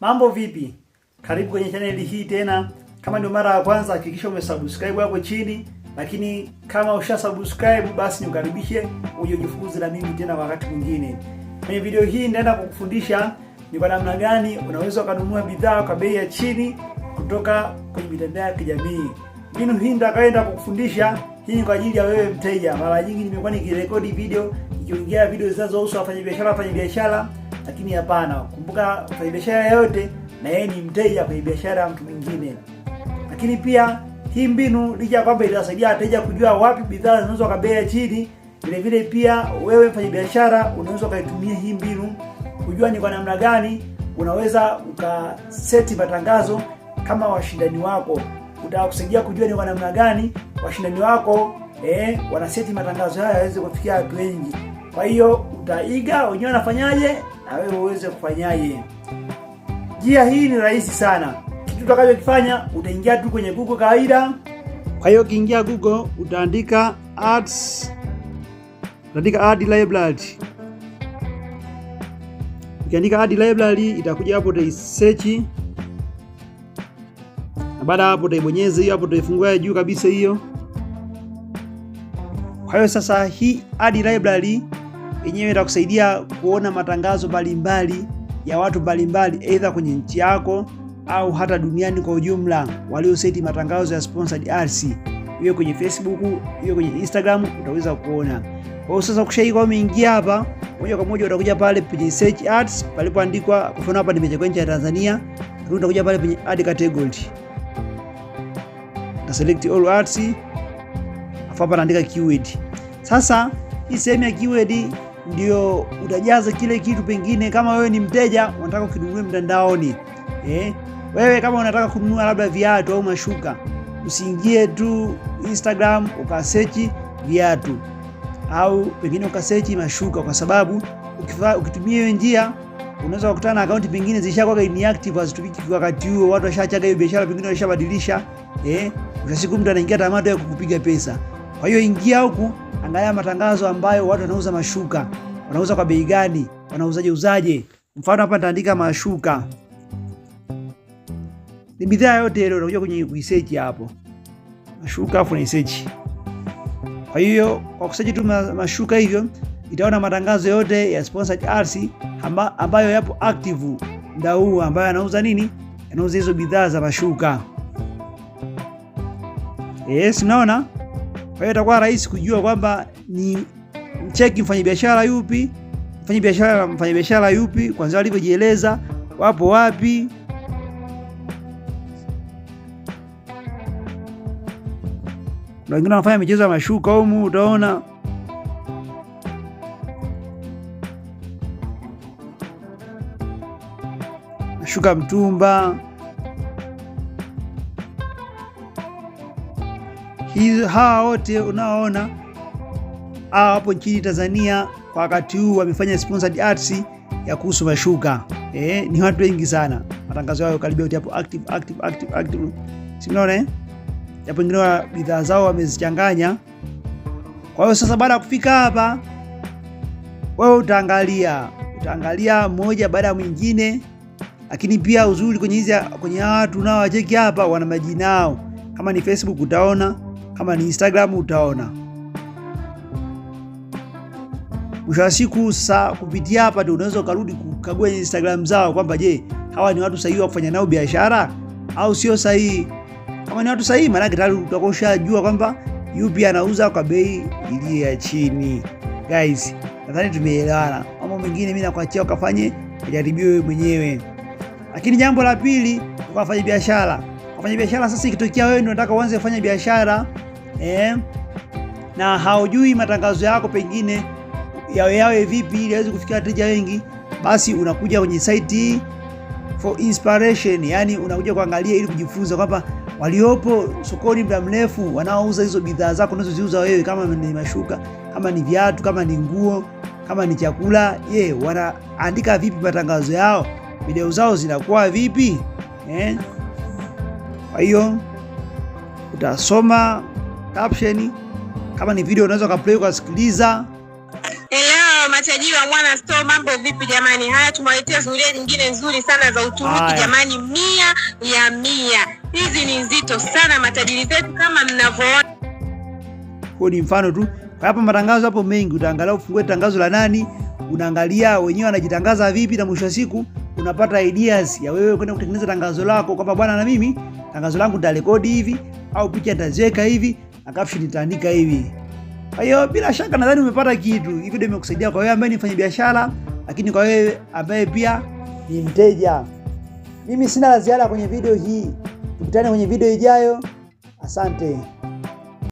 Mambo vipi? Karibu kwenye chaneli hii tena. Kama ndio mara ya kwanza, hakikisha umesubscribe hapo chini, lakini kama usha subscribe, basi niukaribishe uje ujifunze na mimi tena wakati mwingine. Kwenye video hii nitaenda kukufundisha ni kwa namna gani unaweza kununua bidhaa kwa bei ya chini kutoka kwenye mitandao ya kijamii. Mbinu hii nitakayoenda kukufundisha hii ni kwa ajili ya wewe mteja. Mara nyingi nimekuwa nikirekodi video, nikiongea video zinazohusu wafanyabiashara, wafanyabiashara lakini hapana. Kumbuka, mfanyabiashara yoyote na yeye ni mteja kwenye biashara ya mtu mwingine. Lakini pia hii mbinu, licha ya kwamba itasaidia wateja kujua wapi bidhaa zinauzwa kwa bei ya chini, vile vile pia wewe mfanyabiashara unaweza ukaitumia hii mbinu kujua ni kwa namna gani unaweza ukaseti matangazo kama washindani wako. Utakusaidia kujua ni kwa namna gani washindani wako eh, wanaseti matangazo haya yaweze kufikia watu wengi. Kwa hiyo utaiga wenyewe wanafanyaje na wewe uweze kufanyaje. Njia hii ni rahisi sana. Kitu utakachokifanya utaingia tu kwenye Google kawaida. Kwa hiyo ukiingia Google utaandika ads, utaandika ad library. Ukiandika ad library itakuja hapo, utaisearch na baada hapo utaibonyeza hiyo hapo, utaifungua juu kabisa hiyo. Kwa hiyo sasa hii ad library yenyewe itakusaidia kuona matangazo mbalimbali ya watu mbalimbali, aidha kwenye nchi yako au hata duniani kwa ujumla, walioseti matangazo ya sponsored ads, iwe kwenye Facebook, iwe kwenye Instagram, utaweza kuona. Kwa hiyo sasa, kwa umeingia hapa moja kwa moja, utakuja pale kwenye search ads palipoandikwa, kwa mfano hapa nimeja ya Tanzania, utakuja pale kwenye ad category na select all ads, afa hapa naandika keyword. Sasa hii sehemu ya keyword ndio utajaza kile kitu. Pengine kama wewe ni mteja unataka ukinunue mtandaoni eh? Wewe kama unataka kununua labda viatu au mashuka, usiingie tu Instagram ukasechi viatu au pengine ukasechi mashuka, kwa sababu ukitumia hiyo njia unaweza kukutana na akaunti pengine zishakuwa inactive, hazitumiki kwa wakati huo, watu washachaga hiyo biashara, pengine washabadilisha eh, ushasiku mtu anaingia tamaa ya kukupiga pesa. Kwa hiyo ingia huku, angalia matangazo ambayo watu wanauza mashuka, wanauza kwa bei gani, wanauzaje uzaje. Mfano hapa nitaandika mashuka, ni bidhaa yote ile, unakuja kwenye kuisearch hapo mashuka, afu unaisearch. Kwa hiyo kwa kusearch tu mashuka hivyo itaona matangazo yote ya sponsored ads amba, ambayo yapo active muda huu, ambayo anauza nini, anauza hizo bidhaa za mashuka. Yes, unaona. Kwa hiyo itakuwa rahisi kujua kwamba ni mcheki mfanyabiashara yupi, mfanyabiashara na mfanyabiashara yupi, kwanza walivyojieleza, wapo wapi. Na wengine wanafanya michezo ya mashuka humu, utaona mashuka mtumba hizo hawa wote unaoona hapo nchini Tanzania kwa wakati huu wamefanya sponsored ads ya kuhusu mashuka eh, ni watu wengi sana. Matangazo yao karibia yote hapo active active active active, si mnaona eh, japo wengine bidhaa zao wamezichanganya. Kwa hiyo sasa, baada ya kufika hapa, wewe utaangalia utaangalia moja baada ya mwingine, lakini pia uzuri kwenye hizi kwenye watu nao wacheki hapa, wana majina yao. Kama ni Facebook utaona ama ni Instagram utaona. Mwisho wa siku sa kupitia hapa ndio unaweza ukarudi kukagua Instagram zao kwamba je, hawa ni watu sahihi wa kufanya nao biashara au sio sahihi. Kama ni watu sahihi, maanake tayari utakuwa ushajua kwamba yupi anauza kwa bei iliyo ya chini. Guys, nadhani tumeelewana. Mambo mengine mimi nakuachia ukafanye jaribio wewe mwenyewe. Lakini jambo la pili, ukafanya biashara. Ukafanya biashara sasa, ikitokea wewe ndio unataka uanze kufanya biashara eh, na haujui matangazo yako pengine yawe yawe vipi ili aweze kufikia wateja wengi, basi unakuja kwenye site for inspiration, yani unakuja kuangalia ili kujifunza kwamba waliopo sokoni muda mrefu wanaouza hizo bidhaa zako unazoziuza wewe, kama ni mashuka, kama ni viatu, kama ni nguo, kama ni chakula, je, wanaandika vipi matangazo yao? Video zao zinakuwa vipi eh? Kwa hiyo utasoma caption. Kama ni video unaweza ukaplay ukasikiliza. Hello, matajiri wa Mwana Store, mambo vipi jamani? Haya, tumewaletea zulia nyingine nzuri sana za utumiki jamani, mia ya mia. Hizi ni nzito sana matajiri zetu kama mnavyoona. Huo ni mfano tu. Kwa hapa matangazo hapo mengi, utaangalia ufungue tangazo la nani, unaangalia wenyewe wanajitangaza vipi, na mwisho wa siku unapata ideas ya wewe kwenda kutengeneza tangazo lako kwamba bwana, na mimi tangazo langu nitarekodi hivi au picha nitaziweka hivi na caption itaandika hivi. Kwa hiyo bila shaka nadhani umepata kitu. hivi ndio imekusaidia kwa wewe ambaye ni biashara lakini kwa wewe ambaye pia ni mteja. Mimi sina la ziada kwenye video hii. Tukutane kwenye video ijayo. Asante.